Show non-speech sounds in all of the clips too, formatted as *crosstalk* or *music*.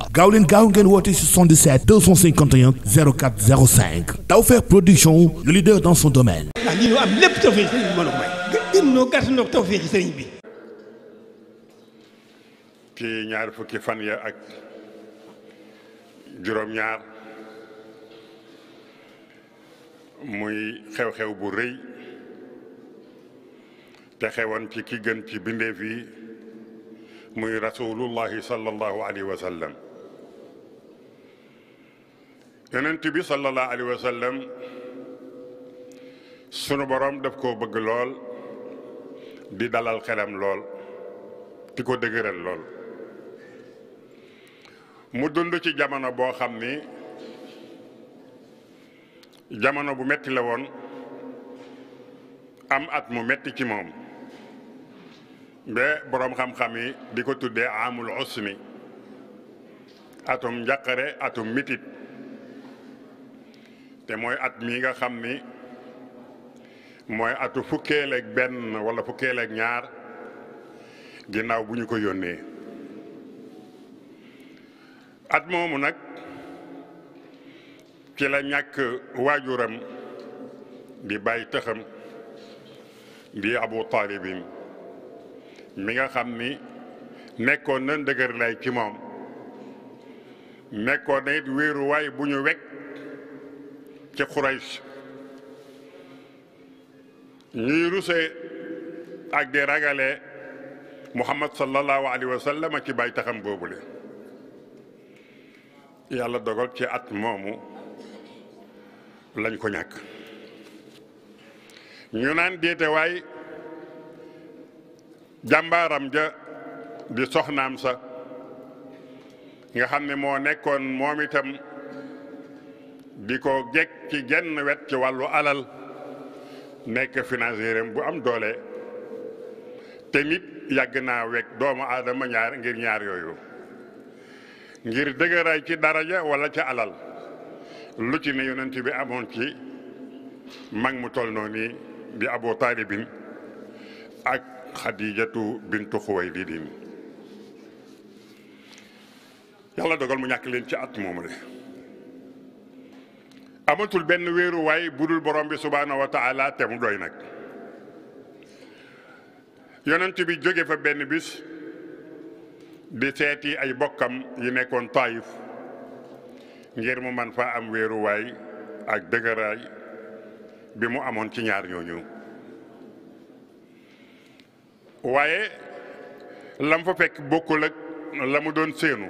waaw gaaw gaaw ngeen woote 77 251 04 05 Tawfekh Production le leader dans son domaine. ah lii ñu am lépp tawfeex sëriñ sëriñ bi. ci ñaar fukki fan ya ak juróom-ñaar muy xew-xew bu rëy. te xewoon ci ki gën ci bindeef yi muy rasulullahi sallallahu alayhi wa sallam yonent bi sallallahu alayhi wa sallam sunu boroom def koo bëgg lool di dalal xelam lool di ko dëgëral lool mu dund ci jamono boo xam ni jamono bu metti la woon am at mu metti ci moom ba boroom xam-xam yi di ko tuddee amul usni atum njàqare atum mitit te mooy at mii nga xam mi mooy atu fukkeel benn wala fukkeel ak ñaar ginnaaw bu ñu ko yónnee at moomu nag ci la ñàkk waajuram di bàyyi tëxam di abu taalibin mi nga xam mi nekkoon na dëgër lay ci moom nekkoon na it wéeruwaay bu ñu wekk ca Quraysh ñuy ruse ak di ragale Muhammad sallallahu alayhi wa sallam ci bay taxam boobule yàlla dogal ci at moomu lañ ko ñàkk ñu naan déete waay jàmbaaram ja di soxnaam sa nga xam ne moo nekkoon moom itam di ko jekk ci genn wet ci wàllu alal nekk financier bu am doole te nit yàgg naa wekk doomu aadama ñaar ngir ñaar yooyu ngir dëgëraay ci daraja walla ci alal lu ci ne yonent bi amoon ci mag mu toll noonu nii di Abu Taalibin ak Xadijatu bintu Xuwaylidin yàlla dogal mu ñàkk leen ci at moom le amatul benn weeruwaay budul borom bi subhaanahu wa taala te mu doy nag yonent bi jóge fa benn bis di seeti ay bokkam yi nekkoon taayif ngir mu man fa am wéeruwaay ak dëgëraay bi mu amoon ci ñaar ñooñu waaye lam fa fekk bokkul ak la mu doon seenu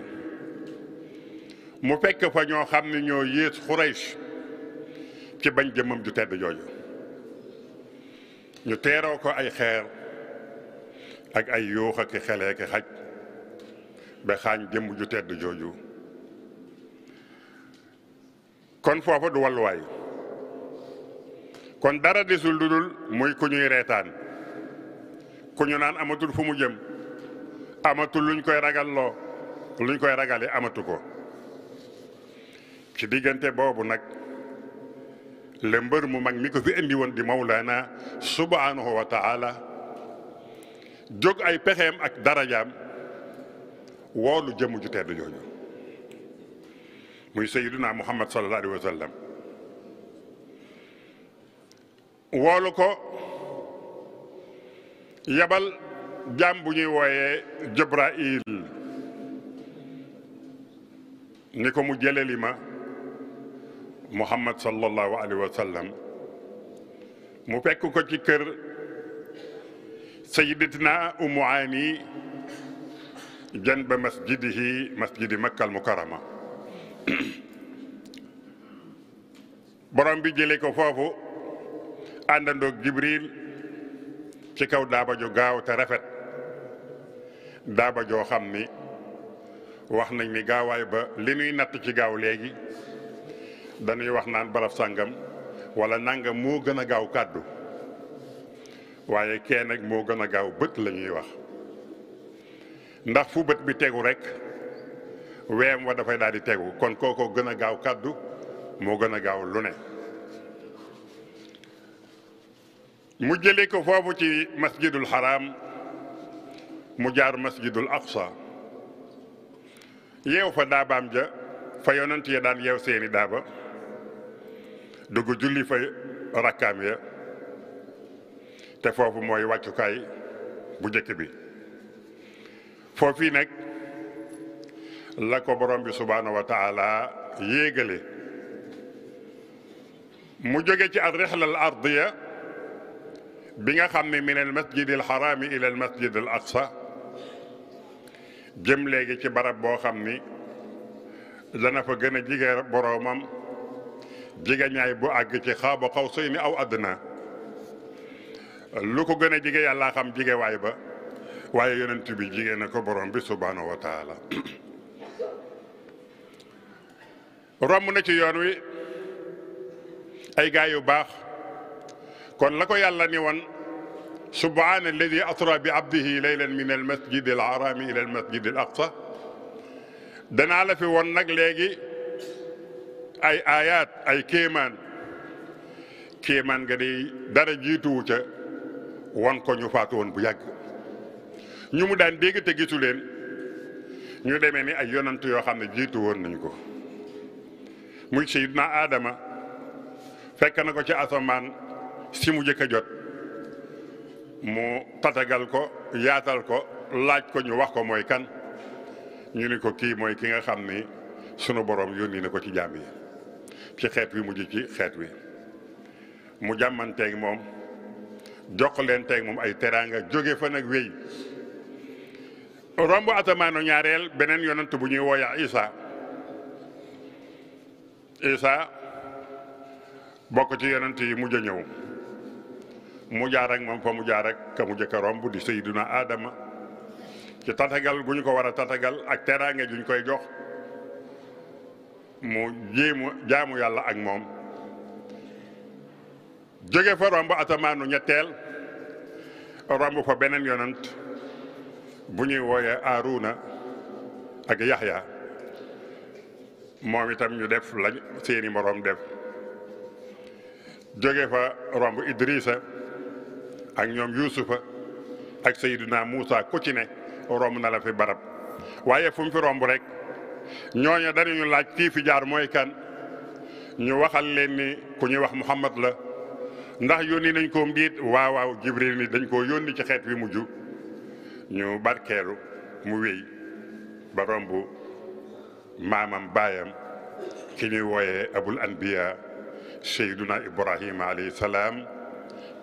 mu fekk fa ñoo xam ne ñoo yées Xurays ci bañ jëmmam ju tedd jooju ñu teeroo ko ay xeer ak ay yuux ak xelee ki xaj ba xaañ jëmm ju tedd jooju kon foofa du walluwaay kon dara desul lu dul muy ku ñuy reetaan ku ñu naan amatul fu mu jëm amatul luñ koy ragalloo luñ koy ragale amatu ko ci diggante boobu nag la mbër mu mag mi ko fi indi woon di mawlaana subhaanahu wa taala jóg ay pexeem ak darajaam woolu jëmm ju tedd jooju muy sayyiduna muhammad sallallahu alayhi wa sallam woolu ko yabal jaam bu ñuy wooyee jibrail ni ko mu jëleli ma muhammad sallallahu alayhi wa sallam mu fekk ko ci kër sayyidatina umu aani janba masjidihi masjidi makkal mukarama borom bi jëlee ko foofu àndandoog jibril ci kaw daaba jo gaaw te rafet daaba joo xam ni wax nañ mi gaawaay ba li nuy natt ci gaaw léegi danuy wax naan barab sàngam wala nangam moo gën a gaaw kàddu waaye kee nag moo gën a gaaw bët la ñuy wax ndax fu bët bi tegu rek weem wa dafay daal di tegu kon kookoo gën a gaaw kàddu moo gën a gaaw lu ne mu jëlee ko foofu ci masjidul haram mu jaar masjidul aqsa yeew fa daabaam ja fa yonent ya daan yeew seeni daaba dugg julli fa rakkaam ya te foofu mooy wàccukaay bu jëkk bi foofii nag la ko borom bi subhaanahu wa taala yéegale mu jege ci al rihla al ardiya bi nga xam mi min al masjid al haram ila al masjid al aqsa jëm léegi ci barab boo xam ni dana fa gën a jige boroomam jegeñaay bu àgg ci xaaba xaw sëy ni aw àddina lu ko gën a jege yàllaa xam jegewaay ba waaye yonent bi jege na ko borom bi subhaanahu wa taala *clears throat* romb na ci yoon wi ay gaay yu baax kon la ko yàlla ni woon subhaana alladi asra bi abdihi laylan min al masjid al harami ila al masjid al aqsa danaa la fi woon nag léegi ay aayaat ay kéemaan kéemaan ga day dara jiituwu ca won ko ñu faatu woon bu yàgg ñu mu daan dégg te leen ñu demee ni ay yonant yoo xam ne jiitu woon nañ ko muy na Adama fekk na ko ci asamaan si mu jëkk jot mu tatagal ko yaatal ko laaj ko ñu wax ko mooy kan ñu ni ko kii mooy ki nga xam ni sunu borom yónni na ko ci jaam ci xeet wi mujj ci xeet wi mu jàmmanteeg moom jox leen teeg moom ay teraanga jóge fa nag wéy romb atamaano ñaareel beneen yonent bu ñuy wooya Isa Isa bokk ci yonent yi mujj a ñëw mu jaar ak moom fa mu jaar ak ka mu jëkk romb di Seydina Adama ci tatagal gu ñu ko war a tatagal ak teraanga ju koy jox mu jaamu yàlla ak moom jóge fa romb atamaanu ñetteel romb fa beneen yonant bu ñuy wooyee Aaruna ak Yaxya moom itam ñu def lañ seeni moroom def jóge fa romb Idrisa ak ñoom Yuusufa ak Seydina Muusa ku ci romb na la fi barab waaye fu fi romb rek ñooña danañu laaj kii fi jaar mooy kan ñu waxal leen ni ku ñuy wax Muhammad la ndax yónni nañ ko mbiit waaw waaw Jibril ni dañ koo yónni ci xeet wi mujj ñu barkeelu mu wéy ba romb maamam baayam ki ñuy wooyee abul anbiya seyduna ibrahima alayhi salaam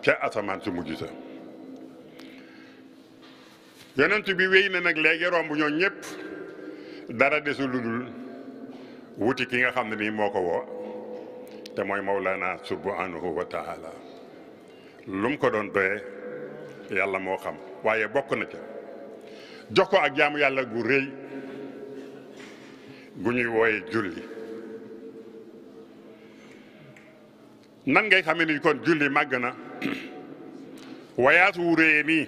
ca asamaan su mujj sa yonent bi wéy na nag léegi romb ñoo ñëpp dara desulu dul wuti ki nga xam ne nii moo ko woo te mooy Mawlana subhanahu wa taala lu ko doon doyee yàlla moo xam waaye bokk na ca jox ko ak jaamu yàlla gu rëy gu ñuy wooye julli nan ngay xamee ni kon julli màgg na *clears throat* wayaas wu réyee nii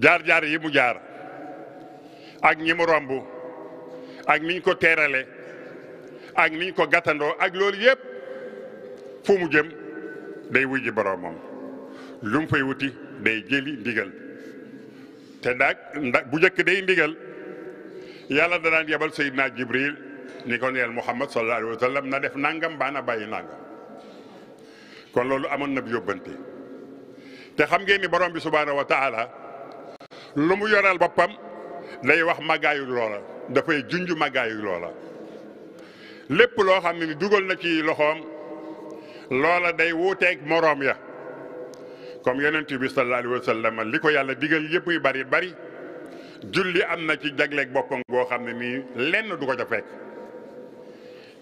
jaar-jaar yi mu jaar ak ñi mu romb niñ ko teerale ak niñ ko gàttandoo ak loolu yépp fu mu jëm day wujji boroomam lu mu fay wuti day jëli ndigal te dag ndax bu njëkk day ndigal yàlla danaan yebal Seydina Jibril ni ko neel Muhammad sallallahu alayhi wa na def nangam baana bàyyi nangam kon loolu amoon na bu te xam ngeen ni borom wa taala lu mu yoral boppam lay wax màggaayu loola dafay junj màggaayu loola lépp loo xam ne ni dugal na ci loxoom loola day wuuteeg moroom ya comme yonent bi sallallahu alayhi wa sallam li ko yàlla digal yëpp yu bari bari julli am na ci jagleek boppam boo xam ne nii lenn du ko ca fekk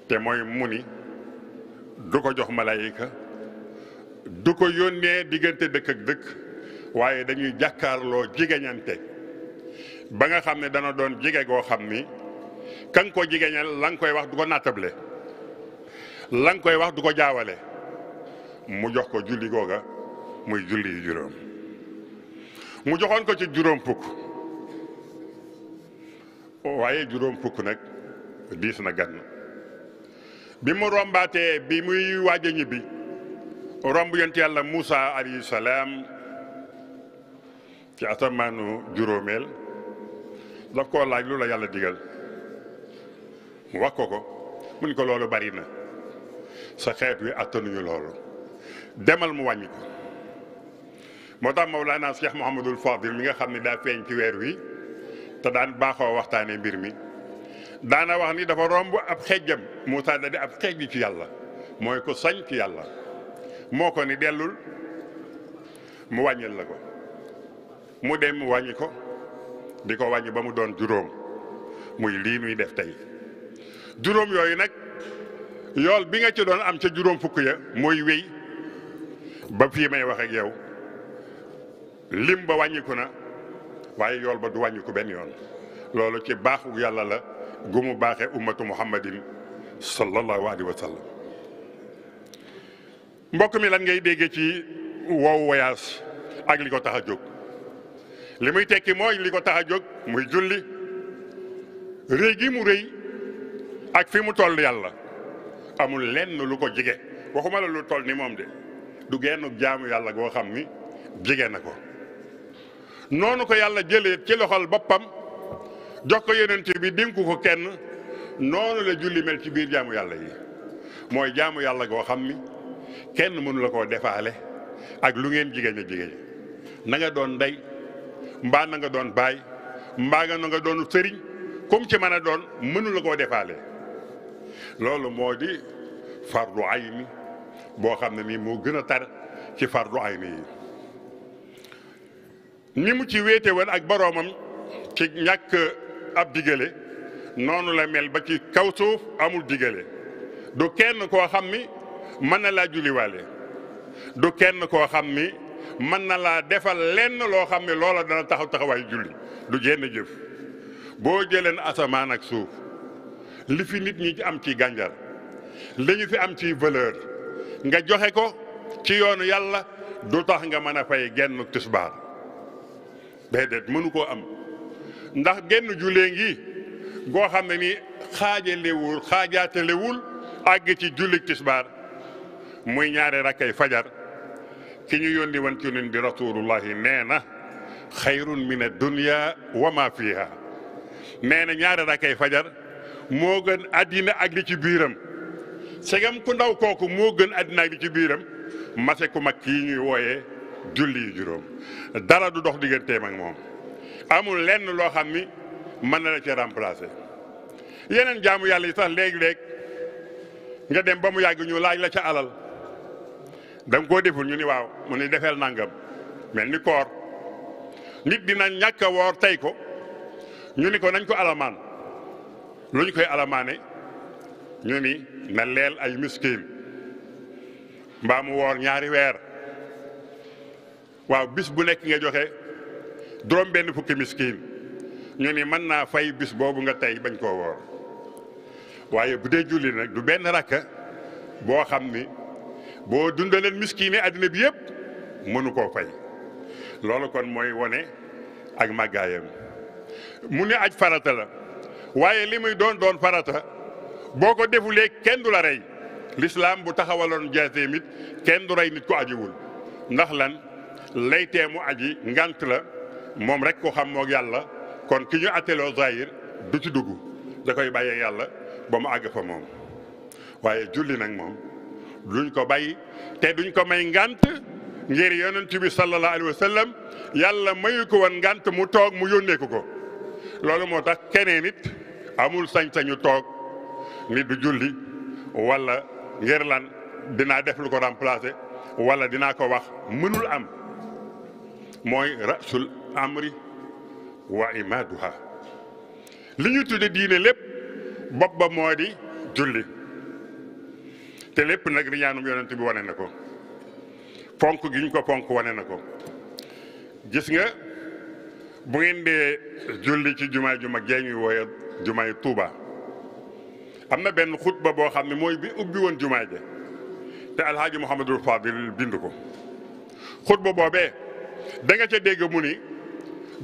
te mooy mu ni du ko jox malayika du ko yónnee diggante dëkk ak dëkk waaye dañuy jàkkaarloo jigañante ba nga xam ne dana doon jige goo xam ni kan nga ko jigeñal la koy wax du ko nattable la nga koy wax du ko jaawale mu jox ko julli googa muy julli yu juróom mu joxoon ko ci juróom fukk waaye juróom fukk nag diis na gan bi mu rombaatee bi muy waaja a ñibbi romb yonent yàlla Moussa alayhi salaam ci asamaanu juróomeel daf ko laaj lu la yàlla digal mu wax ko ko mu ni ko loolu bari na sa xeet wi attanuñu loolu demal mu wàññi moo tax Mawlana Cheikh Mouhamadul Fadil mi nga xam ne daa feeñ ci weer wi te daan baaxoo waxtaane mbir mi daana wax ni dafa romb ab xejjam Moussa da di ab xej bi ci yàlla mooy ko sañ ci yàlla moo ko ni dellul mu wàññil la ko mu dem mu wàññi di ko wàññi ba mu doon juróom muy lii nuy def tey juróom yooyu nag yool bi nga ci doon am ca juróom fukk ya mooy wéy ba fii may wax ak yow lim ba wàññiku na waaye yool ba du wàññiku benn yoon loolu ci baaxu yàlla la gu mu baaxee ummatu muhammadin sallallahu alayhi wa sallam mbokk mi lan ngay dégge ci wow voyage ak li ko tax a jóg li muy tekki mooy li ko tax a jóg muy julli rëy gi mu réy ak fi mu toll yàlla amul lenn lu ko jige waxuma la lu toll ni moom de du genn jaamu yàlla goo xam ni jige na ko noonu ko yàlla jëlee ci loxol boppam jox ko yeneen yonent bi dénku ko kenn noonu la julli mel ci biir jaamu yàlla yi mooy jaamu yàlla goo xam ni kenn mënula koo defaale ak lu ngeen jigéen a jigéen doon ndey mbaa na nga doon baay mbaa nga doon sëriñ comme ci mën doon mënula koo defaale loolu moo di fardu ayni boo xam ne nii moo gën a tar ci fardu ayni yi ni mu ci wéete woon ak boroomam ci ñàkk ab digale noonu la mel ba ci kaw suuf amul digale du kenn koo xam ni mën na laa julliwaale du kenn koo xam ni mën na laa defal lenn loo xam ne loola dana taxaw taxawaayu julli du génn jëf boo jëleen asamaan ak suuf li fi nit ñi am ci gànjar li fi am ci valeur nga joxe ko ci yoonu yàlla du tax nga mën a fay genn tisbaar déedéet mënu koo am ndax genn jullee ngi goo xam ne ni xaajalewul xaajaatalewul àgg ci jullik tisbaar muy ñaari rakkay fajar ki ñu yónni woon ci ñun di rasulullahi nee na xayrun min ad-dunya wa ma fiha nee na ñaari fajar moo gën addina ak li ci biiram segam ku ndaw kooku moo gën addina ak li ci biiram mase ku mag kii ñuy wooyee julli yu juróom dara du dox digganteem ak moom amul lenn loo xam ni mën na la ca remplacer yeneen jaamu yàlla yi sax léeg-léeg nga dem ba mu yàgg ñu laaj la ca alal da koo deful ñu ni waaw mu ni defeel nangam mel ni koor nit dina ñàkk a woor tey ko ñu ni ko nañ ko alamaan lu ñu koy alamaane ñu ni na leel ay miskin mbaa mu woor ñaari weer waaw bis bu nekk nga joxe juróom benn fukki miskin ñu ni mën naa fay bis boobu nga tey bañ koo woor waaye bu dee julli nag du benn rakka boo xam ni boo dundaleen miskiine àddina bi yëpp mënu koo fay loolu kon mooy wone ak màggaayam mu ne aj farata la waaye li muy doon doon farata boo ko defulee kenn du la rey lislaam bu taxawaloon jaaseem it kenn du rey nit ko ajiwul ndax lan lay teemu aji ngant la moom rek ko xam moog yàlla kon ki ñu atteloo zahir du ci dugg da koy bàyyee yàlla ba mu àgg fa moom waaye julli nag moom duñ ko bay te duñ ko may ngant ngir yonent bi sallallahu alayhi wa sallam yàlla mayu ko woon ngant mu toog mu yónneeku ko loolu moo tax keneen nit amul sañ-sañu toog nit du julli walla ngir lan dinaa def lu ko remplacer wala dinaa ko wax mënul am mooy rasul amri wa imaduha li ñu tudde diine lépp bopp ba moo di julli te lépp nag riñaanum yonent bi wane na ko ponk gi ñu ko ponk wane na ko gis nga bu ngeen dee julli ci jumaa ju mag jee ñuy wooye jumaay Tuuba am na benn ba boo xam ne mooy bi ubbi woon jumaa ja te alhaaji Mouhamadul Fadil bind ko ba boobee danga ca dégg mu ni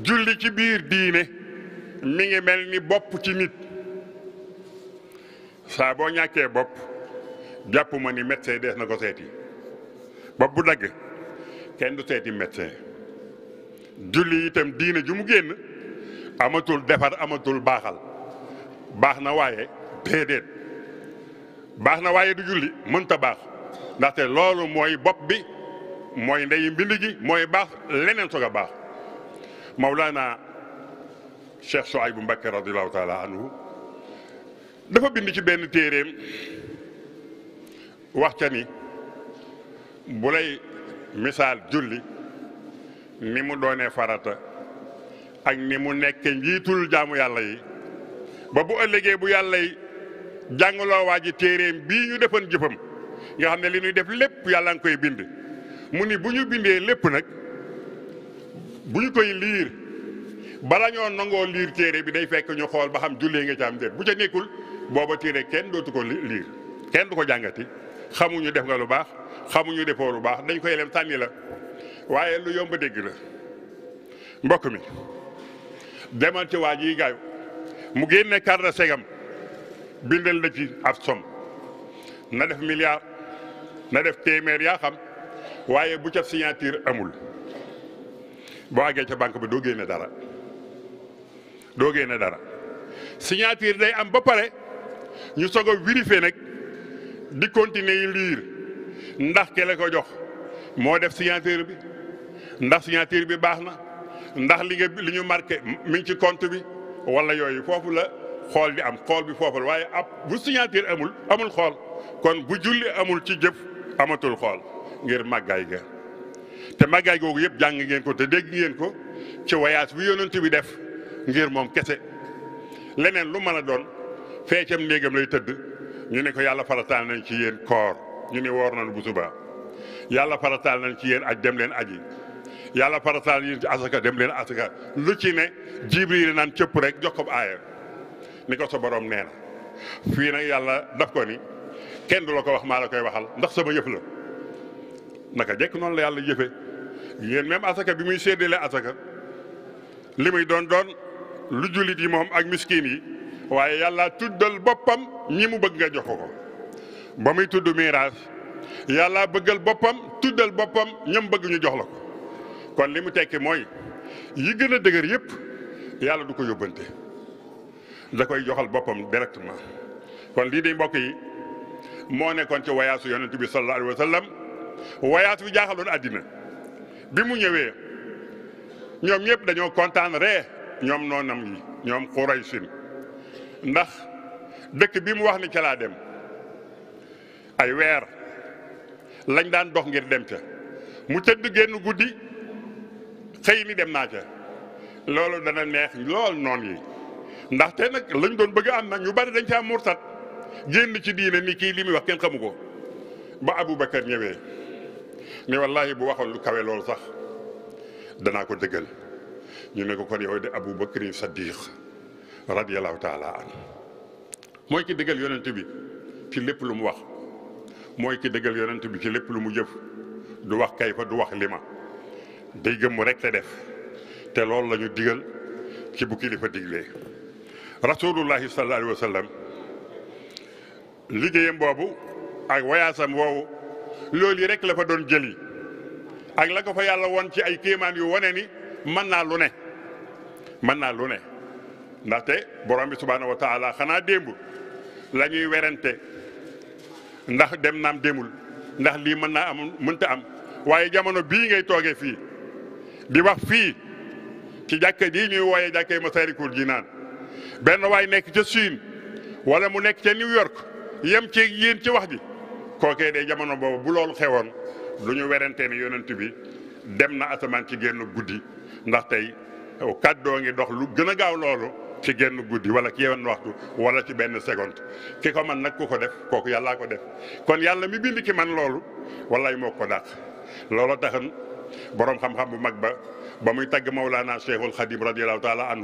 julli ci biir diine mi ngi mel ni bopp ci nit saa boo ñàkkee bopp jàpp ma ni médecin dees na ko seeti ba bu dagg kenn du seeti médecin julli itam diine ji mu génn amatul defar amatul baaxal baax na waaye déedéet baax na waaye du julli mënta baax ndaxte loolu mooy bopp bi mooy ndeyu mbind gi mooy baax leneen soog a baax Mawlana Cheikh Souaïbou Mbacké radiyallahu taala anhu dafa bind ci benn téeréem wax ca ni bu lay misaal julli ni mu doonee farata ak ni mu nekke njiitul jaamu yàlla yi ba bu ëllëgee bu yàlla yi jàngaloo waa ji téeréem bii ñu defoon jëfam nga xam ne li ñuy def lépp yàlla nga koy bind mu ni bu ñu bindee lépp nag bu ñu koy liir bala ñoo nangoo liir téere bi day fekk ñu xool ba xam jullee nga ci am bu ca nekkul booba téere kenn dootu ko liir kenn du ko jàngati xamuñu def nga lu baax xamuñu defoo lu baax dañ koy lem tànni la waaye lu yomb dégg la mbokk mi demal ci waa ji gaayu mu génne carte segam bindal la ci ab na def milliard na def téeméer yaa xam waaye bu ca signature amul boo àggee ca banque bi doo génne dara doo génne am ba pare ñu soog a vérifier di continuer yi liir ndax ke ko jox moo def signature bi ndax signature bi baax na ndax li nga li ñu marqué mi ci compte bi wala yooyu foofu la xool bi am xool bi foofu la waaye ab bu signature amul amul xool kon bu julli amul ci jëf amatul xool ngir màggaay ga te màggaay googu yëpp jàng ngeen ko te dégg ngeen ko ci voyage bi yonent bi def ngir moom kese leneen lu mën a doon feecam néegam lay tëdd ñu ne ko yàlla farataal nañ ci yéen koor ñu ne woor nañ bu suba yàlla farataal nañ ci yéen aj dem leen aji yàlla farataal yéen ci asaka dem leen asaka lu ci ne jibril naan cëpp rek jox ko aaya ni ko sa borom nee na fii nag yàlla daf ko ni kenn du la ko wax maa la koy waxal ndax sama yëf la naka jekk noonu la yàlla jëfe yéen même asaka bi muy séddale asaka li muy doon doon lu jullit yi moom ak miskin yi waaye yàlla tuddal boppam ñi mu bëgg nga jox ko ba muy tudd miraas yàlla bëggal boppam tuddal boppam ñam bëgg ñu jox la ko kon li mu tekki mooy yi gën a dëgër yépp yàlla du ko yóbbante da koy joxal boppam directement kon lii di mbokk yi moo nekkoon ci wayaasu yonent bi sallallahu alayhi wa sallam wayaas wi jaaxaloon àddina bi mu ñëwee ñoom ñëpp dañoo kontaan ree ñoom noonam yi ñoom Quraysin ndax dëkk bi mu wax ni ca laa dem ay weer lañ daan dox ngir dem ca mu tëdd génn guddi xëy ni dem naa ca loolu dana neex lool noon yi ndaxte nag lañ doon bëgg am na ñu bari dañ ca am murtat génn ci diine ni kii li muy wax kenn xamu ko ba abu Aboubacar ñëwee ni wallahi bu waxoon lu kawe lool sax danaa ko dëggal ñu ne ko kon yow de Aboubacar Saddiq radiyallahu taala an mooy ki dëggal yonent bi ci lépp lu mu wax mooy ki dëggal yonent bi ci lépp lu mu jëf du wax kay fa du wax lima day gëmm rek te def te loolu lañu ñu digal ci bu kilifa diglee rasulullahi sallallahu alayhi wa sallam boobu ak wayaasam woowu loolu yi rek la fa doon jëli ak la ko yàlla woon ci ay kéemaan yu wane ni mën naa lu ne mën naa lu ne ndaxte borom bi subhaanahu wa xanaa démb la ñuy werante ndax dem naam demul ndax lii mën naa am mënta am waaye jamono bii ngay tooge fii di wax fii ci jàkka ji ñuy wooyee jàkkee Masaalikul naan benn waay nekk ca Chine wala mu nekk ca New York yam ci yéen ci wax ji kookee de jamono boobu bu loolu xewoon lu ñu werantee ne yonent bi dem na asamaan ci génn guddi ndax tey kaddoo ngi dox lu gën a gaaw loolu ci genn guddi wala ci yenn waxtu wala ci benn seconde ki ko man nag ku ko def kooku yàllaa ko def kon yàlla mi bind ci man loolu wallaay moo ko dàq looloo taxan boroom xam-xam bu mag ba ba muy tagg Mawlaana Cheikhul Xadim radiyallahu taala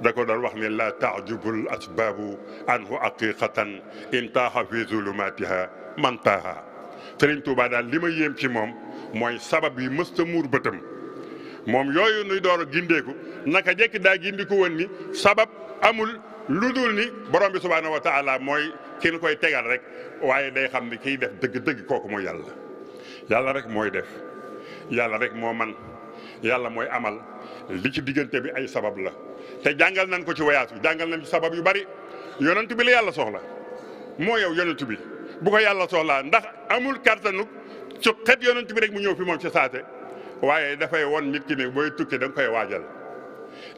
da ko doon wax ne la taajubul asbaabu anhu aqiqatan in taaxa fi zulumatiha man taaxa Sëriñ Tuubaa daal li ma yéem ci moom mooy sabab yi mësta muur bëtam moom yooyu nuy door a gindeeku naka jekki daa gindiku woon ni sabab amul lu dul ni borom bi subhaanahu wa taala mooy ki koy tegal rek waaye day xam ni kiy def dëgg-dëgg kooku mooy yàlla yàlla rek mooy def yàlla rek moo man yàlla mooy amal li ci diggante bi ay sabab la te jàngal nañ ko ci wayaas bi jàngal nañ ci sabab yu bari yonent bi la yàlla soxla moo yow yonent bi bu ko yàlla soxlaa ndax amul kàttanu ci xet yonent bi rek mu ñëw fi moom ci saate waaye dafay won nit ki ne booy tukki da koy waajal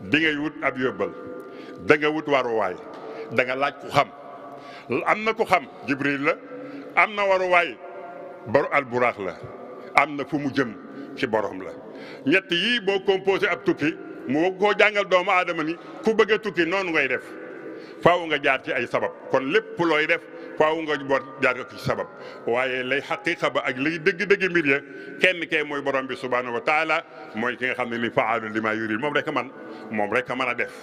bi ngay wut ab yóbbal da wut waruwaay danga laaj ku xam am na ku xam jibril la am na waruwaay baru alburaax la am na fu mu jëm ci borom la ñett yii boo composé ab tukki mu koo jàngal doomu aadama ni ku bëgg tukki noonu ngay def faaw nga jaar ci ay sabab kon lépp looy def faaw nga boot jaar ko ci sabab waaye lay xaqiqa ba ak lay dëgg-dëgg mbir ya kenn kee mooy borom bi subhaanahu wa taala mooy ki nga xam ne ni faalu li maa yurid moom rek a man moom rek a mën a def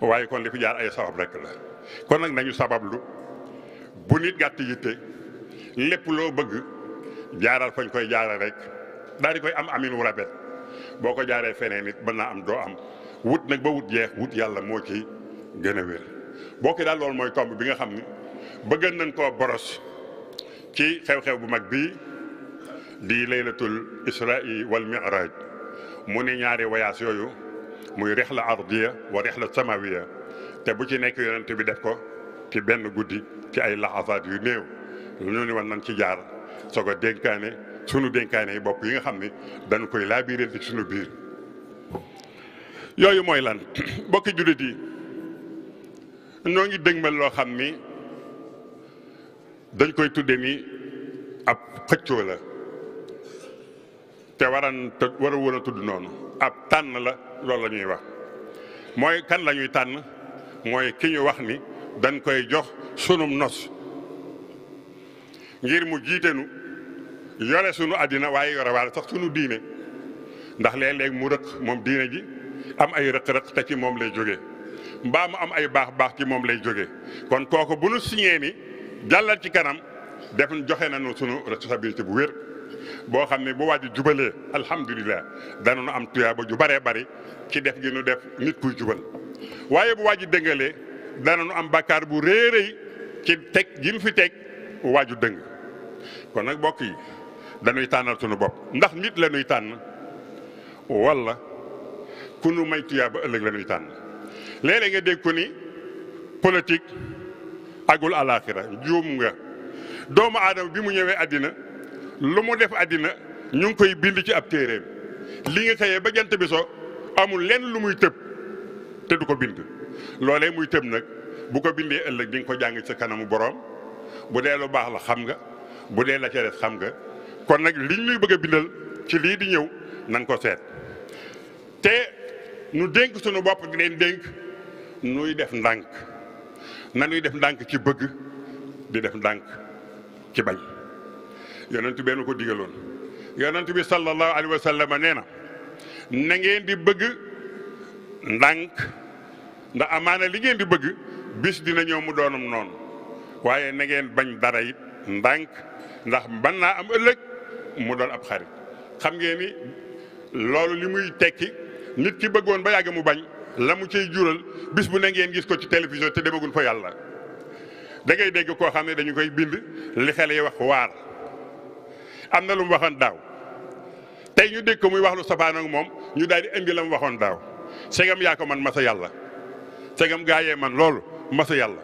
waaye kon li jaar ay sabab rek la kon nag nañu lu bu nit gàtt yitte lépp loo bëgg jaaral fañ koy jaaral rek daal koy am amin wu rafet boo ko jaaree feneen nit mën naa am doo am wut nag ba wut jeex wut yàlla moo ci gën a wér boo ko daal loolu mooy tomb bi nga xam bëggoon nañ koo boros ci xew-xew bu mag bii di laylatul israi wal miraj mu ni ñaari voyage yooyu muy rihla ardiya wa rihla samawiya te bu ci nekk yonent bi def ko ci benn guddi ci ay laxasaat yu néew lu ñu ni wan nañ ci jaar soog a dénkaane sunu dénkaane bopp yi nga xam ni dañu koy laabirante ci sunu biir yooyu mooy lan *clears throat* bokki jullit yi noo ngi dëgmal xam ni dañ koy tudde ni ab xëccoo la te waran war a tudd noonu ab tànn la loolu la ñuy wax mooy kan la ñuy tànn mooy ki ñu wax ni dañ koy jox sunum nos ngir mu jiitenu yore sunu àddina waaye yore waale sax sunu diine ndax léeg-léeg mu rëq moom diine ji am ay rëq-rëq te ci moom lay jóge mbaa am ay baax baax ki moom lay jóge kon kooku bu nu signé ni jàllal ci kanam def joxe nañu sunu responsabilité bu wér boo xam ne bu waaj jubalee alhamdulilah danañu am tuyaaba ju baree bari ci def gi nu def nit kuy jubal waaye bu waaj dëngalee nu am bakkaar bu rëy ci teg gi nu fi teg waaju dëng kon nag mbokk yi dañuy tànnal sunu bopp ndax nit la ñuy tànn wala ku nu may tuyaaba ëllëg la ñuy tànn nga dégg ko ni politique. agul alaaxira juum nga doomu aadama bi mu ñëwee àddina lu mu def àddina ñu ngi koy bind ci ab téeréem li nga xëyee ba jant bi so amul leen lu muy tëb te du ko bind loolee muy tëb nag bu ko bindee ëllëg di nga ko jàng sa kanamu boroom bu dee lu baax la xam nga bu dee la cere xam nga kon nag liñ luy bëgg a bindal ci lii di ñëw nan ko seet te nu dénk sunu bopp di leen dénk nuy def ndànk nanuy def ndànk ci bëgg di def ndànk ci bañ yonent benn ko digaloon yonent bi sallallahu alayhi wa sallam nee na na ngeen di bëgg ndànk ndax amaana li di bëgg bis dina ñëw mu doonum noonu waaye na ngeen bañ dara it ndànk ndax mën naa am ëllëg mu doon ab xarit xam ngeen ni loolu li muy tekki nit ki bëggoon ba yàgg mu bañ la mu cay jural bis bu ne gis ko ci télévision te demagul fa yàlla da dégg koo xam ne dañu koy bind li xale yi wax waar am na lu mu waxoon daaw tey ñu dégg ko muy wax lu safaan ak moom ñu daal di indi la mu waxoon daaw segam yaa ko man masa yàlla segam gaayee man loolu masa yàlla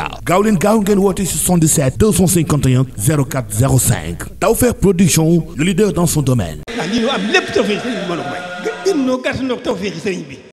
Mbaaw gaaw leen gaaw ngeen woote 77 251 04 05 Tawfekh Production le leader dans son domaine. ndax ah, am lépp tawfeex ci sëriñ bi mën may. gën noo gàtt noo tawfeex ci sëriñ bi.